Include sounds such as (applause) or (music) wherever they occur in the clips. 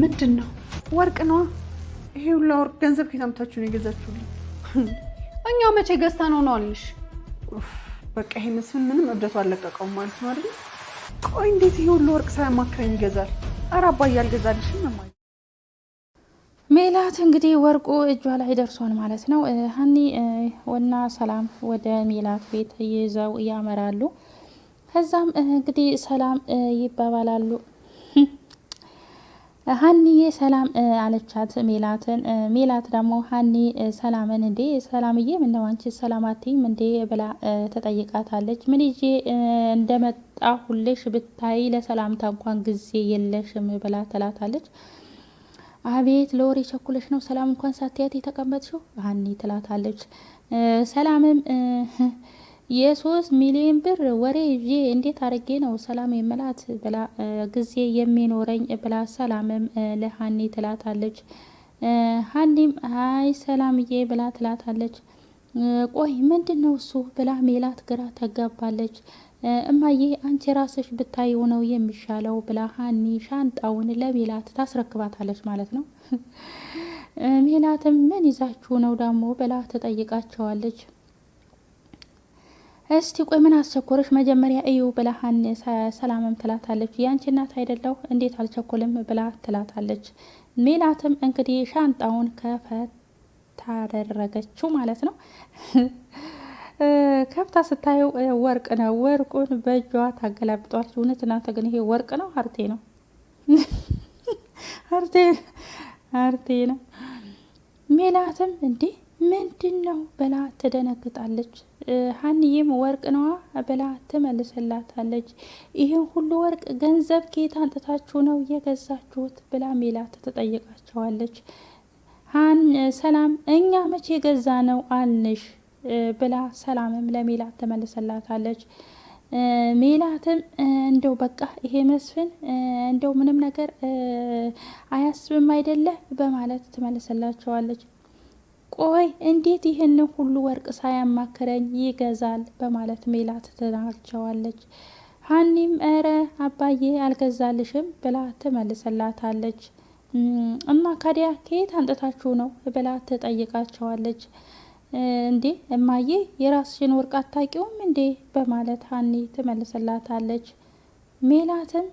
ምንድን ነው? ወርቅ ነዋ። ይሄ ሁላ ወርቅ ገንዘብ ከየት አምጥታችሁ ነው የገዛችሁልኝ? (laughs) እኛ መቼ ገዝተን ነው አልሽ። በቃ ይሄ ምስል ምንም እብደቱ አለቀቀው ማለት ነው አይደል? ቆይ እንዴት ይሄ ሁሉ ወርቅ ሳያማክረኝ ይገዛል? ኧረ አባዬ አልገዛልሽም። ሜላት እንግዲህ ወርቁ እጇ ላይ ደርሷል ማለት ነው። ሀኒ ወና ሰላም ወደ ሜላት ቤት ይዘው ያመራሉ። ከዛም እንግዲህ ሰላም ይባባላሉ። ሀኒዬ ሰላም አለቻት ሜላትን። ሜላት ደግሞ ሀኒ ሰላምን እንዴ ሰላምዬ ምነው አንቺ ሰላም እንዴ ብላ ተጠይቃታለች። ምን ይዤ እንደመጣ ሁልሽ ብታይ ለሰላምታ እንኳን ጊዜ የለሽም ብላ ትላታለች። አቤት ለወሬ ቸኩለሽ ነው ሰላም እንኳን ሳትያት የተቀመጥሽው ሀኒ ትላታለች። ሰላምም የሶስት ሚሊዮን ብር ወሬ ይዤ እንዴት አድርጌ ነው ሰላም የምላት ብላ ጊዜ የሚኖረኝ ብላ ሰላምም ለሀኒ ትላታለች። ሀኒም አይ ሰላምዬ ብላ ትላታለች። ቆይ ምንድን ነው እሱ ብላ ሜላት ግራ ተጋባለች። እማዬ አንቺ ራስሽ ብታየው ነው የሚሻለው ብላ ሀኒ ሻንጣውን ለሜላት ታስረክባታለች ማለት ነው። (laughs) ሜላትም ምን ይዛችሁ ነው ዳሞ ብላ ትጠይቃቸዋለች። እስቲ ቆይ ምን አስቸኮረሽ? መጀመሪያ እዩ ብላ ሰላምም ትላታለች። ያንቺ እናት አይደለሁ እንዴት አልቸኮልም ብላ ትላታለች። ሜላትም እንግዲህ ሻንጣውን ከፈታደረገችው ማለት ነው። (laughs) ከፍታ ስታየው ወርቅ ነው። ወርቁን በእጇ ታገላብጧለች። እውነት እናንተ ግን ይሄ ወርቅ ነው? ሀርቴ ነው? (laughs) ሀርቴ ነው። ሜላትም እንዲህ ምንድን ነው ብላ ትደነግጣለች። ሀንዬም ወርቅ ነዋ ብላ ትመልስላታለች። ይህን ሁሉ ወርቅ ገንዘብ ከየት አንጥታችሁ ነው የገዛችሁት ብላ ሜላት ትጠይቃቸዋለች። ሰላም እኛ መቼ ገዛ ነው አልንሽ ብላ ሰላምም ለሜላት ትመልስላታለች። ሜላትም እንደው በቃ ይሄ መስፍን እንደው ምንም ነገር አያስብም አይደለ በማለት ትመልስላቸዋለች። ቆይ እንዴት ይህንን ሁሉ ወርቅ ሳያማክረኝ ይገዛል? በማለት ሜላት ትናቸዋለች። ሀኒም እረ አባዬ አልገዛልሽም ብላ ትመልስላታለች። እና ካዲያ ከየት አንጥታችሁ ነው ብላ ትጠይቃቸዋለች። እንዴ እማዬ የራስሽን ወርቅ አታቂውም እንዴ በማለት ሀኒ ትመልስላታለች። ሜላትም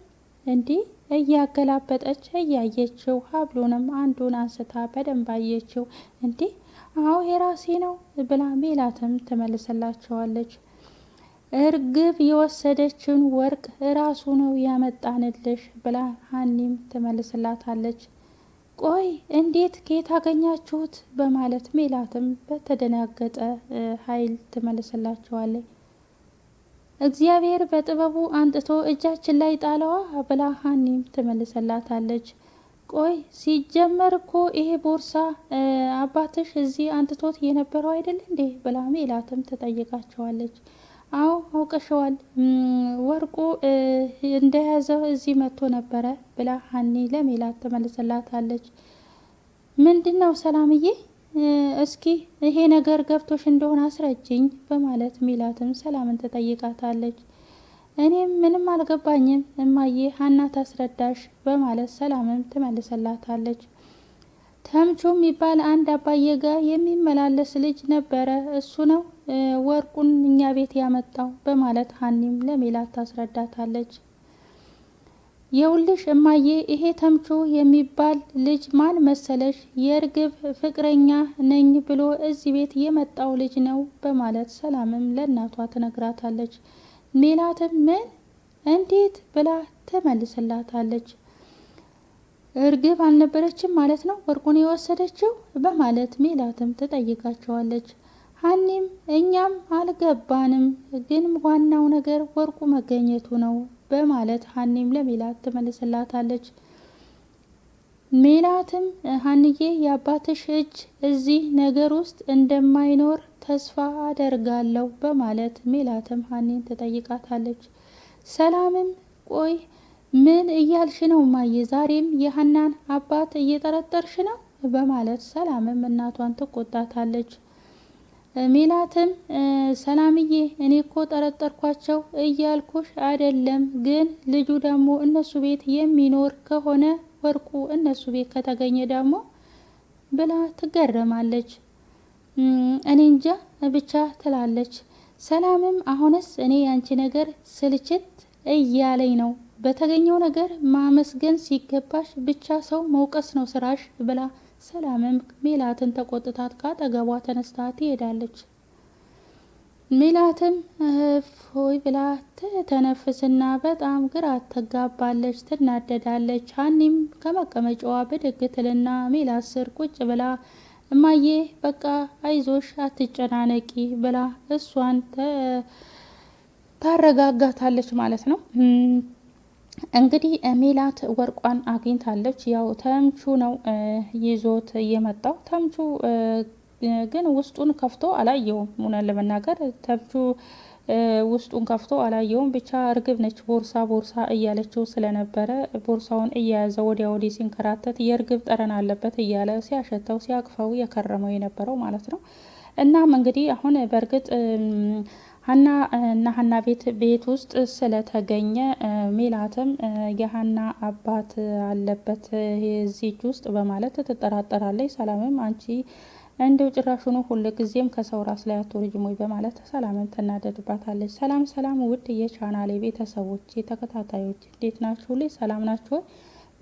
እንዲህ እያገላበጠች እያየችው ሀብሉንም አንዱን አንስታ በደንብ አየችው። እንዲህ አዎ የራሴ ነው ብላ ሜላትም ትመልስላቸዋለች። እርግብ የወሰደችን ወርቅ ራሱ ነው ያመጣንልሽ ብላ ሀኒም ትመልስላታለች። ቆይ እንዴት ከየት አገኛችሁት? በማለት ሜላትም በተደናገጠ ኃይል ትመልስላቸዋለች። እግዚአብሔር በጥበቡ አንጥቶ እጃችን ላይ ጣለዋ ብላ ሀኒም ትመልሰላታለች። ቆይ ሲጀመር እኮ ይሄ ቦርሳ አባትሽ እዚህ አንጥቶት የነበረው አይደል እንዴ ብላ ሜላትም ትጠይቃቸዋለች። አዎ አውቀሸዋል፣ ወርቁ እንደያዘው እዚህ መጥቶ ነበረ ብላ ሀኒ ለሜላት ትመልሰላታለች። ምንድን ነው ሰላምዬ እስኪ ይሄ ነገር ገብቶሽ እንደሆነ አስረጅኝ በማለት ሚላትም ሰላምን ትጠይቃታለች። እኔም ምንም አልገባኝም እማዬ ሀና ታስረዳሽ በማለት ሰላምም ትመልስላታለች። ተምቹ የሚባል አንድ አባዬ ጋር የሚመላለስ ልጅ ነበረ፣ እሱ ነው ወርቁን እኛ ቤት ያመጣው በማለት ሀኒም ለሚላት ታስረዳታለች። የውልሽ እማዬ ይሄ ተምቹ የሚባል ልጅ ማን መሰለሽ የእርግብ ፍቅረኛ ነኝ ብሎ እዚህ ቤት የመጣው ልጅ ነው በማለት ሰላምም ለእናቷ ትነግራታለች። ሜላትም ምን እንዴት ብላ ትመልስላታለች። እርግብ አልነበረችም ማለት ነው ወርቁን የወሰደችው በማለት ሜላትም ትጠይቃቸዋለች። ሀኒም እኛም አልገባንም፣ ግን ዋናው ነገር ወርቁ መገኘቱ ነው በማለት ሀኒም ለሜላት ትመልስላታለች። ሜላትም ሀንዬ የአባትሽ እጅ እዚህ ነገር ውስጥ እንደማይኖር ተስፋ አደርጋለሁ በማለት ሜላትም ሀኒን ትጠይቃታለች። ሰላምም ቆይ ምን እያልሽ ነው ማየ? ዛሬም የሀናን አባት እየጠረጠርሽ ነው በማለት ሰላምም እናቷን ትቆጣታለች። ሜላትም ሰላምዬ እኔ እኮ ጠረጠርኳቸው እያልኩሽ አይደለም፣ ግን ልጁ ደግሞ እነሱ ቤት የሚኖር ከሆነ ወርቁ እነሱ ቤት ከተገኘ ደግሞ ብላ ትገረማለች። እኔ እንጃ ብቻ ትላለች። ሰላምም አሁንስ እኔ ያንቺ ነገር ስልችት እያለኝ ነው በተገኘው ነገር ማመስገን ሲገባሽ ብቻ ሰው መውቀስ ነው ስራሽ ብላ ሰላምም ሜላትን ተቆጥታት ካጠገቧ ተነስታ ትሄዳለች። ሜላትም እፎይ ብላ ትተነፍስና በጣም ግራ ትጋባለች፣ ትናደዳለች። ሀኒም ከመቀመጫዋ ብድግ ትልና ሜላት ስር ቁጭ ብላ እማዬ በቃ አይዞሽ አትጨናነቂ ብላ እሷን ታረጋጋታለች ማለት ነው። እንግዲህ ሜላት ወርቋን አግኝታለች። ያው ተምቹ ነው ይዞት የመጣው። ተምቹ ግን ውስጡን ከፍቶ አላየውም። እውነት ለመናገር ተምቹ ውስጡን ከፍቶ አላየውም። ብቻ እርግብ ነች ቦርሳ ቦርሳ እያለችው ስለነበረ ቦርሳውን እየያዘ ወዲያ ወዲህ ሲንከራተት የእርግብ ጠረን አለበት እያለ ሲያሸተው ሲያቅፈው የከረመው የነበረው ማለት ነው። እናም እንግዲህ አሁን በእርግጥ ሀና እና ሀና ቤት ቤት ውስጥ ስለተገኘ ሜላትም የሀና አባት አለበት እዚች ውስጥ በማለት ትጠራጠራለች። ሰላምም አንቺ እንደው ጭራሹኑ ሁል ጊዜም ከሰው ራስ ላይ አትወርጅም ወይ በማለት ሰላምን ትናደድባታለች። ሰላም ሰላም፣ ውድ የቻናሌ ቤተሰቦች ተከታታዮች እንዴት ናችሁ? ልጅ ሰላም ናችሁ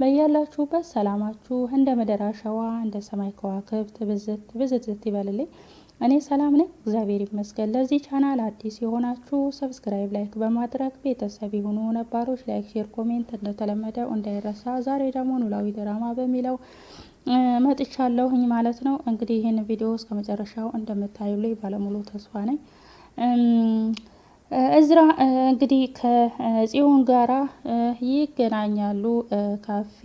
በያላችሁበት ሰላማችሁ እንደ ምድር አሸዋ እንደ ሰማይ ከዋክብት ብዝት ብዝት ይበልልኝ። እኔ ሰላም ነኝ፣ እግዚአብሔር ይመስገን። ለዚህ ቻናል አዲስ የሆናችሁ ሰብስክራይብ፣ ላይክ በማድረግ ቤተሰብ የሆኑ ነባሮች ላይክ፣ ሼር፣ ኮሜንት እንደተለመደው እንዳይረሳ። ዛሬ ደግሞ ኖላዊ ድራማ በሚለው መጥቻለሁኝ ማለት ነው። እንግዲህ ይህን ቪዲዮ እስከ መጨረሻው እንደምታዩልኝ ባለሙሉ ተስፋ ነኝ። እዝራ እንግዲህ ከጽዮን ጋራ ይገናኛሉ። ካፌ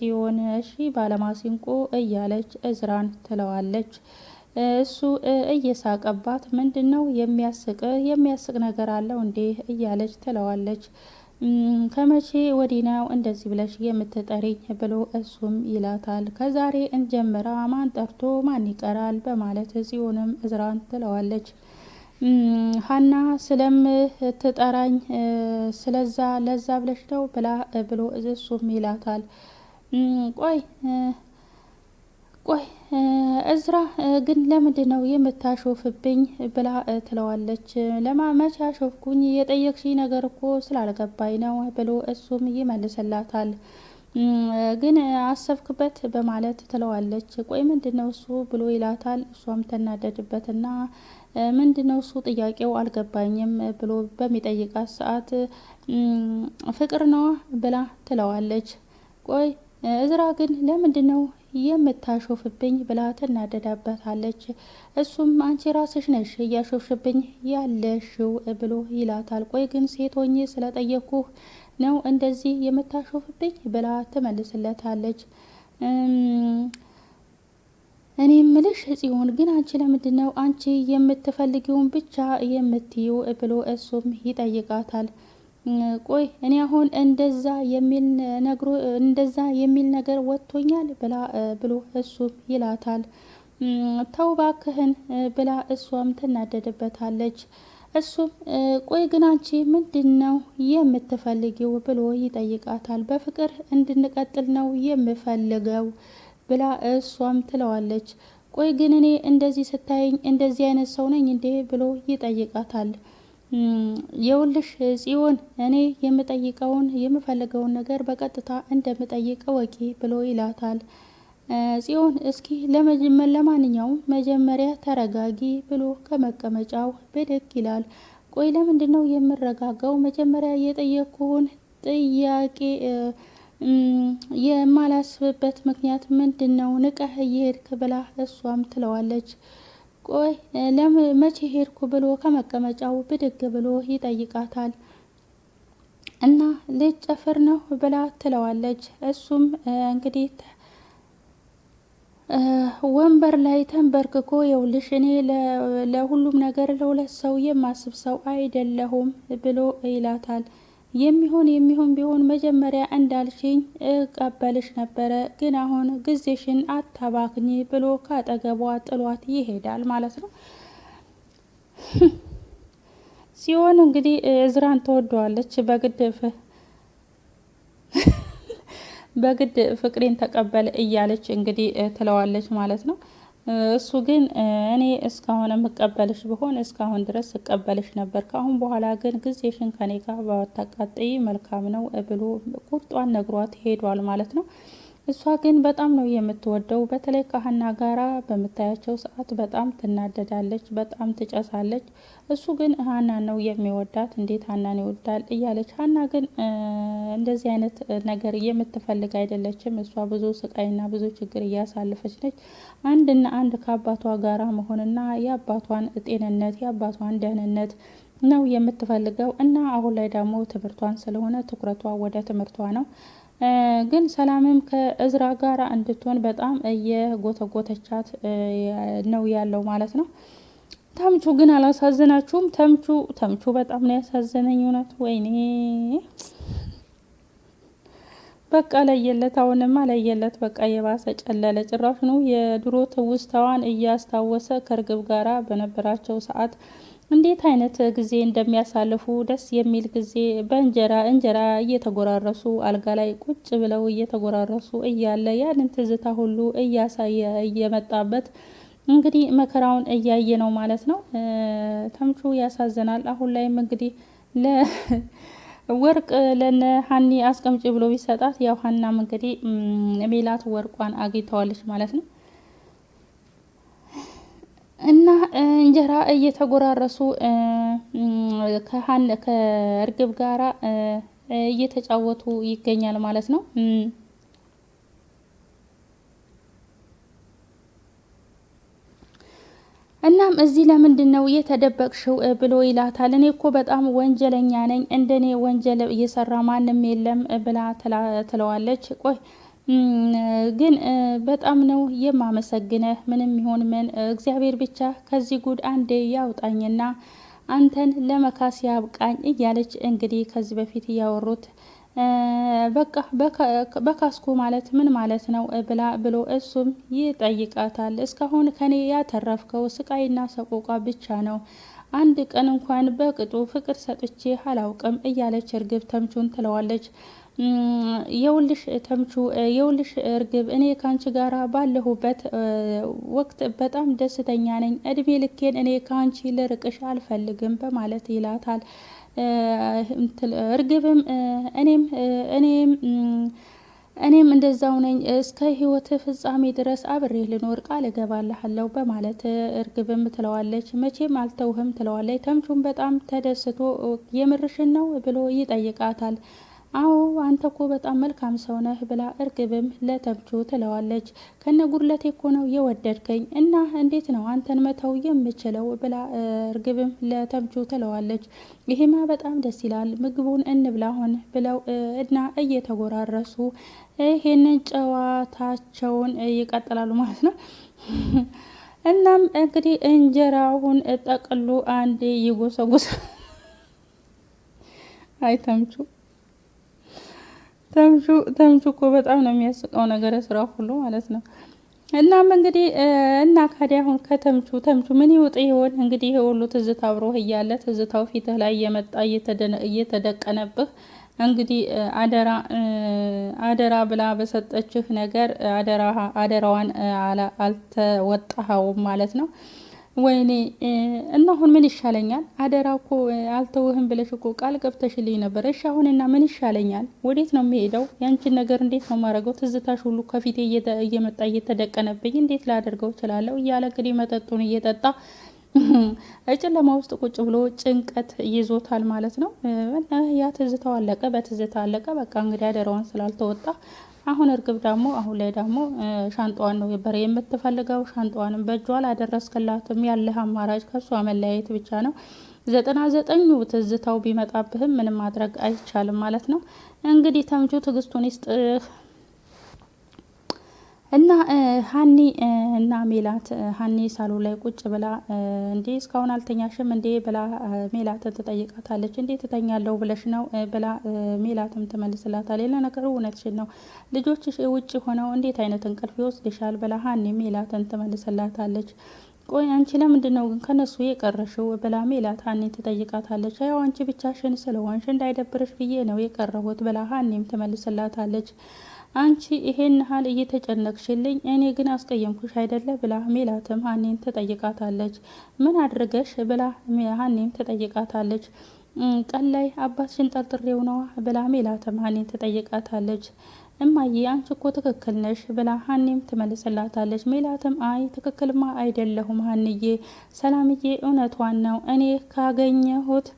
ጽዮን እሺ ባለማሲንቆ እያለች እዝራን ትለዋለች። እሱ እየሳቀባት ምንድን ነው የሚያስቅ የሚያስቅ ነገር አለው እንዴ እያለች ትለዋለች። ከመቼ ወዲህ ነው እንደዚህ ብለሽ የምትጠሪኝ ብሎ እሱም ይላታል። ከዛሬ እንጀምራ ማን ጠርቶ ማን ይቀራል በማለት ጽዮንም እዝራን ትለዋለች። ሀና ስለምትጠራኝ ስለዛ ለዛ ብለሽ ነው ብላ ብሎ እሱም ይላታል። ቆይ ቆይ እዝራ ግን ለምንድ ነው የምታሾፍብኝ? ብላ ትለዋለች። ለማመቻ ሾፍኩኝ የጠየቅሽ ነገር እኮ ስላልገባኝ ነው ብሎ እሱም ይመልስላታል። ግን አሰብክበት በማለት ትለዋለች። ቆይ ምንድ ነው እሱ ብሎ ይላታል። እሷም ተናደድበትና ምንድ ነው እሱ ጥያቄው አልገባኝም ብሎ በሚጠይቃት ሰዓት ፍቅር ነዋ ብላ ትለዋለች። ቆይ እዝራ ግን ለምንድን ነው የምታሾፍብኝ ብላ ትናደዳበታለች። እሱም አንቺ ራስሽ ነሽ እያሾፍሽብኝ ያለሽው ብሎ ይላታል። ቆይ ግን ሴት ሆኜ ነው እንደዚህ የምታሾፍብኝ ብላ ትመልስለታለች። እኔ ምልሽ ጽዮን ግን አንቺ ለምንድን ነው አንቺ የምትፈልጊውን ብቻ የምትዩ ብሎ እሱም ይጠይቃታል። ቆይ እኔ አሁን እንደዛ የሚል ነግሮ እንደዛ የሚል ነገር ወጥቶኛል ብላ ብሎ እሱም ይላታል። ተው እባክህን ብላ እሷም ትናደድበታለች። እሱም ቆይ ግን አንቺ ምንድን ነው የምትፈልጊው ብሎ ይጠይቃታል። በፍቅር እንድንቀጥል ነው የምፈልገው ብላ እሷም ትለዋለች። ቆይ ግን እኔ እንደዚህ ስታየኝ እንደዚህ አይነት ሰው ነኝ እንዴ ብሎ ይጠይቃታል። የውልሽ ጽዮን እኔ የምጠይቀውን የምፈልገውን ነገር በቀጥታ እንደምጠይቅ ወቂ ብሎ ይላታል። ጽዮን እስኪ ለማንኛውም መጀመሪያ ተረጋጊ ብሎ ከመቀመጫው ብድግ ይላል። ቆይ ለምንድን ነው የምረጋጋው? መጀመሪያ የጠየቅኩህን ጥያቄ የማላስብበት ምክንያት ምንድን ነው? ንቀህ እየሄድክ ብላ እሷም ትለዋለች። ቆይ መቼ ሄድኩ ብሎ ከመቀመጫው ብድግ ብሎ ይጠይቃታል። እና ልጨፍር ነው ብላ ትለዋለች። እሱም እንግዲህ ወንበር ላይ ተንበርክኮ የውልሽ እኔ ለሁሉም ነገር ለሁለት ሰው የማስብ ሰው አይደለሁም ብሎ ይላታል። የሚሆን የሚሆን ቢሆን መጀመሪያ እንዳልሽኝ እቀበልሽ ነበረ፣ ግን አሁን ጊዜሽን አታባክኝ ብሎ ካጠገቧ ጥሏት ይሄዳል ማለት ነው። ሲሆን እንግዲህ እዝራን ተወደዋለች በግድ በግድ ፍቅሬን ተቀበል እያለች እንግዲህ ትለዋለች ማለት ነው። እሱ ግን እኔ እስካሁን የምቀበልሽ ብሆን እስካሁን ድረስ እቀበልሽ ነበር፣ ከአሁን በኋላ ግን ጊዜሽን ከኔ ጋር ባታቃጥይ መልካም ነው ብሎ ቁርጧን ነግሯት ሄዷል ማለት ነው። እሷ ግን በጣም ነው የምትወደው። በተለይ ከሀና ጋራ በምታያቸው ሰዓት በጣም ትናደዳለች፣ በጣም ትጨሳለች። እሱ ግን ሀና ነው የሚወዳት። እንዴት ሀናን ይወዳል እያለች ሀና ግን እንደዚህ አይነት ነገር የምትፈልግ አይደለችም። እሷ ብዙ ስቃይና ብዙ ችግር እያሳለፈች ነች። አንድና አንድ ከአባቷ ጋራ መሆንና የአባቷን ጤንነት የአባቷን ደህንነት ነው የምትፈልገው እና አሁን ላይ ደግሞ ትምህርቷን ስለሆነ ትኩረቷ ወደ ትምህርቷ ነው። ግን ሰላምም ከእዝራ ጋር እንድትሆን በጣም እየጎተጎተቻት ነው ያለው ማለት ነው። ተምቹ ግን አላሳዝናችሁም? ተምቹ ተምቹ በጣም ነው ያሳዘነኝ። እውነት ወይኔ በቃ ለየለት፣ አሁንማ ለየለት። በቃ የባሰ ጨለለ። ጭራሽ ነው የድሮ ትውስታዋን እያስታወሰ ከእርግብ ጋራ በነበራቸው ሰዓት እንዴት አይነት ጊዜ እንደሚያሳልፉ ደስ የሚል ጊዜ በእንጀራ እንጀራ እየተጎራረሱ አልጋ ላይ ቁጭ ብለው እየተጎራረሱ እያለ ያንን ትዝታ ሁሉ እያሳየ እየመጣበት እንግዲህ መከራውን እያየ ነው ማለት ነው። ተምቹ ያሳዝናል። አሁን ላይም እንግዲህ ለወርቅ (laughs) ለነ ሀኒ አስቀምጪ ብሎ ቢሰጣት ያው ሀናም እንግዲህ ሜላት ወርቋን አግኝተዋለች ማለት ነው። እና እንጀራ እየተጎራረሱ ከእርግብ ጋራ እየተጫወቱ ይገኛል ማለት ነው። እናም እዚህ ለምንድን ነው የተደበቅሽው ብሎ ይላታል። እኔ እኮ በጣም ወንጀለኛ ነኝ፣ እንደኔ ወንጀል እየሰራ ማንም የለም ብላ ትለዋለች። ቆይ ግን በጣም ነው የማመሰግነህ። ምንም ይሁን ምን እግዚአብሔር ብቻ ከዚህ ጉድ አንዴ ያውጣኝና አንተን ለመካስ ያብቃኝ እያለች እንግዲህ ከዚህ በፊት እያወሩት በቃ በካስኩ ማለት ምን ማለት ነው ብላ ብሎ እሱም ይጠይቃታል። እስካሁን ከኔ ያተረፍከው ስቃይና ሰቆቋ ብቻ ነው። አንድ ቀን እንኳን በቅጡ ፍቅር ሰጥቼ አላውቅም እያለች እርግብ ተምቹን ትለዋለች። የውልሽ ተምቹ የውልሽ እርግብ እኔ ከአንቺ ጋራ ባለሁበት ወቅት በጣም ደስተኛ ነኝ። እድሜ ልኬን እኔ ከአንቺ ልርቅሽ አልፈልግም በማለት ይላታል። እርግብም እኔም እኔም እኔም እንደዛው ነኝ እስከ ህይወት ፍጻሜ ድረስ አብሬ ልኖር ቃል እገባልሃለሁ በማለት እርግብም ትለዋለች። መቼም አልተውህም ትለዋለች። ተምቹም በጣም ተደስቶ የምርሽን ነው ብሎ ይጠይቃታል። አዎ አንተ እኮ በጣም መልካም ሰው ነህ ብላ እርግብም ለተምቹ ትለዋለች። ከነ ጉድለቴ እኮ ነው የወደድከኝ እና እንዴት ነው አንተን መተው የምችለው ብላ እርግብም ለተምቹ ትለዋለች። ይሄማ በጣም ደስ ይላል፣ ምግቡን እንብላ ሆን ብለው እና እየተጎራረሱ ይሄንን ጨዋታቸውን ይቀጥላሉ ማለት ነው። እናም እንግዲህ እንጀራውን ጠቅሉ አንዴ ይጎሰጉሰ አይተምቹ ተምቹ እኮ በጣም ነው የሚያስቀው ነገር ስራ ሁሉ ማለት ነው። እናም እንግዲህ እና ካዲያ አሁን ከተምቹ ተምቹ ምን ይውጥ ይሆን እንግዲህ ይሄ ሁሉ ትዝታ አብሮ እያለ ትዝታው ፊትህ ላይ እየመጣ እየተደቀነብህ እንግዲህ አደራ አደራ ብላ በሰጠችህ ነገር አደራዋን አልተወጣኸውም ማለት ነው። ወይኔ እና አሁን ምን ይሻለኛል? አደራ እኮ አልተውህም ብለሽ እኮ ቃል ገብተሽልኝ ነበር። እሺ አሁንና ምን ይሻለኛል? ወዴት ነው የሚሄደው? ያንቺን ነገር እንዴት ነው ማድረገው? ትዝታሽ ሁሉ ከፊቴ እየመጣ እየተደቀነብኝ እንዴት ላደርገው እችላለሁ? እያለ እንግዲህ መጠጡን እየጠጣ እጭለማ (laughs) ውስጥ ቁጭ ብሎ ጭንቀት ይዞታል ማለት ነው። ያ ትዝታው አለቀ፣ በትዝታ አለቀ። በቃ እንግዲህ አደራዋን ስላልተወጣ አሁን እርግብ ደግሞ አሁን ላይ ደግሞ ሻንጣዋን ነው ነበር የምትፈልገው። ሻንጣዋንም በእጇ አላደረስክላትም። ያለህ አማራጭ ከሷ መለያየት ብቻ ነው። ዘጠና ዘጠኙ ትዝታው ቢመጣብህም ምንም ማድረግ አይቻልም ማለት ነው። እንግዲህ ተምቹ ትዕግስቱን ይስጥህ። እና ሀኒ እና ሜላት ሀኒ ሳሎን ላይ ቁጭ ብላ እንዴ እስካሁን አልተኛሽም እንዴ ብላ ሜላትን ትጠይቃታለች። እንዴ ትተኛለው ብለሽ ነው ብላ ሜላትም ትመልስላታለች። ሌላ ነገሩ እውነትሽን ነው ልጆችሽ ውጭ ሆነው እንዴት አይነት እንቅልፍ ይወስድሻል ብላ ሀኒ ሜላትን ትመልስላታለች። ቆይ አንቺ ለምንድን ነው ግን ከነሱ የቀረሽው? ብላ ሜላት ሀኒን ትጠይቃታለች። ያው አንቺ ብቻሽን ስለሆንሽ እንዳይደብርሽ ብዬ ነው የቀረሁት ብላ ሀኒም ትመልስላታለች። አንቺ ይሄን ያህል እየተጨነቅሽልኝ እኔ ግን አስቀየምኩሽ አይደለ ብላ ሜላትም ሀኔን ትጠይቃታለች። ምን አድርገሽ ብላ ሀኔም ትጠይቃታለች። ቀን ላይ አባትሽን ጠርጥሬው ነዋ ብላ ሜላትም ሀኔን ትጠይቃታለች። እማዬ አንቺ እኮ ትክክል ነሽ ብላ ሀኔም ትመልስላታለች። ሜላትም አይ ትክክልማ አይደለሁም ሀንዬ፣ ሰላምዬ እውነቷን ነው እኔ ካገኘሁት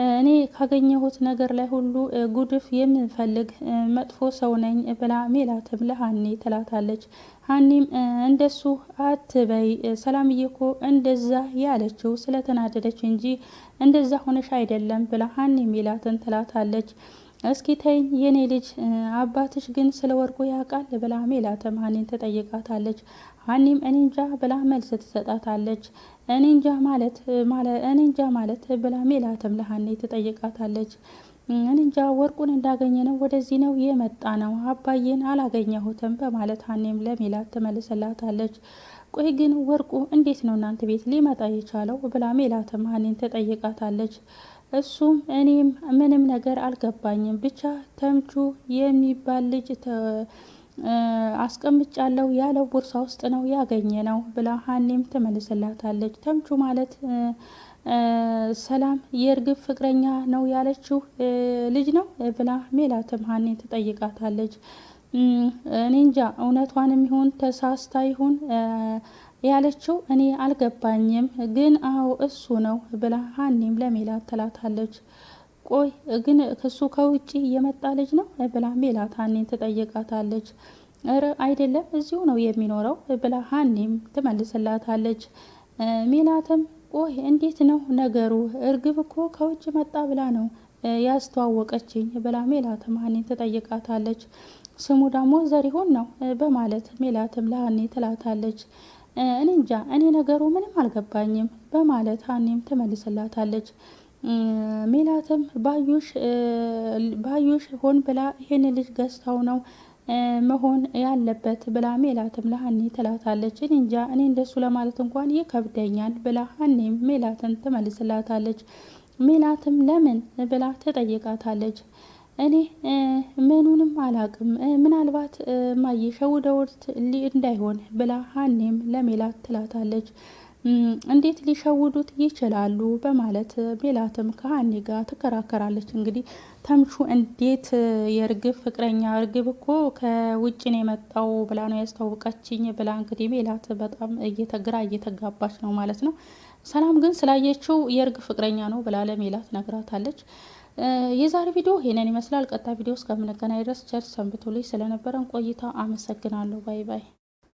እኔ ካገኘሁት ነገር ላይ ሁሉ ጉድፍ የምንፈልግ መጥፎ ሰው ነኝ ብላ ሜላትም ለሀኔ ትላታለች። ሀኒም እንደሱ አትበይ ሰላምዬ እኮ እንደዛ ያለችው ስለተናደደች እንጂ እንደዛ ሆነሽ አይደለም ብላ ሀኒ ሜላትን ትላታለች። እስኪ ተይኝ የኔ ልጅ አባትሽ ግን ስለ ወርቁ ያውቃል ብላ ሜላትም ሀኒን ትጠይቃታለች። ሀኒም እኔ እንጃ ብላ መልስ ትሰጣታለች። እኔ እንጃ ማለት እኔ እንጃ ማለት ብላ ሜላትም ለሀኒ ትጠይቃታለች። እኔ እንጃ ወርቁን እንዳገኘ ነው ወደዚህ ነው የመጣ ነው አባዬን አላገኘሁትም በማለት ሀኒም ለሜላት ትመልስላታለች። ቆይ ግን ወርቁ እንዴት ነው እናንተ ቤት ሊመጣ የቻለው ብላ ሜላትም ሀኒን ትጠይቃታለች። እሱም እኔም ምንም ነገር አልገባኝም ብቻ ተምቹ የሚባል ልጅ አስቀምጫለሁ ያለው ቦርሳ ውስጥ ነው ያገኘ ነው ብላ ሀኔም ትመልስላታለች። ተምቹ ማለት ሰላም የእርግብ ፍቅረኛ ነው ያለችው ልጅ ነው ብላ ሜላትም ሀኔ ትጠይቃታለች። እኔ እንጃ እውነቷን ተሳስታ ይሁን ያለችው እኔ አልገባኝም፣ ግን አዎ እሱ ነው ብላ ሀኒም ለሜላት ትላታለች። ቆይ ግን እሱ ከውጭ የመጣ ልጅ ነው ብላ ሜላት ሀኒን ትጠይቃታለች። እረ አይደለም እዚሁ ነው የሚኖረው ብላ ሀኒም ትመልስላታለች። ሜላትም ቆይ እንዴት ነው ነገሩ? እርግብ እኮ ከውጭ መጣ ብላ ነው ያስተዋወቀችኝ ብላ ሜላትም ሀኒን ትጠይቃታለች። ስሙ ደግሞ ዘሪሁን ነው በማለት ሜላትም ለሀኒ ትላታለች። እኔ እንጃ እኔ ነገሩ ምንም አልገባኝም በማለት ሀኒም ትመልስላታለች። ሜላትም ባዩሽ ሆን ብላ ይሄን ልጅ ገዝታው ነው መሆን ያለበት ብላ ሜላትም ለሀኒ ትላታለች። እኔ እንጃ እኔ እንደሱ ለማለት እንኳን ይከብደኛል ብላ ሀኒም ሜላትን ትመልስላታለች። ሜላትም ለምን ብላ ትጠይቃታለች። እኔ ምኑንም አላቅም ምናልባት እማዬ ሊ እንዳይሆን ብላ ሀኔም ለሜላት ትላታለች። እንዴት ሊሸውዱት ይችላሉ? በማለት ሜላትም ከሀኔ ጋር ትከራከራለች። እንግዲህ ተምቹ እንዴት የእርግብ ፍቅረኛ እርግብ እኮ ከውጭ ነው የመጣው ብላ ነው ያስታወቀችኝ ብላ እንግዲህ ሜላት በጣም እየተግራ እየተጋባች ነው ማለት ነው። ሰላም ግን ስላየችው የእርግብ ፍቅረኛ ነው ብላ ለሜላት ነግራታለች። የዛሬ ቪዲዮ ይህንን ይመስላል። ቀጣይ ቪዲዮ እስከምንገናኝ ድረስ ቸር ሰንብቱልኝ። ስለነበረን ቆይታ አመሰግናለሁ። ባይ ባይ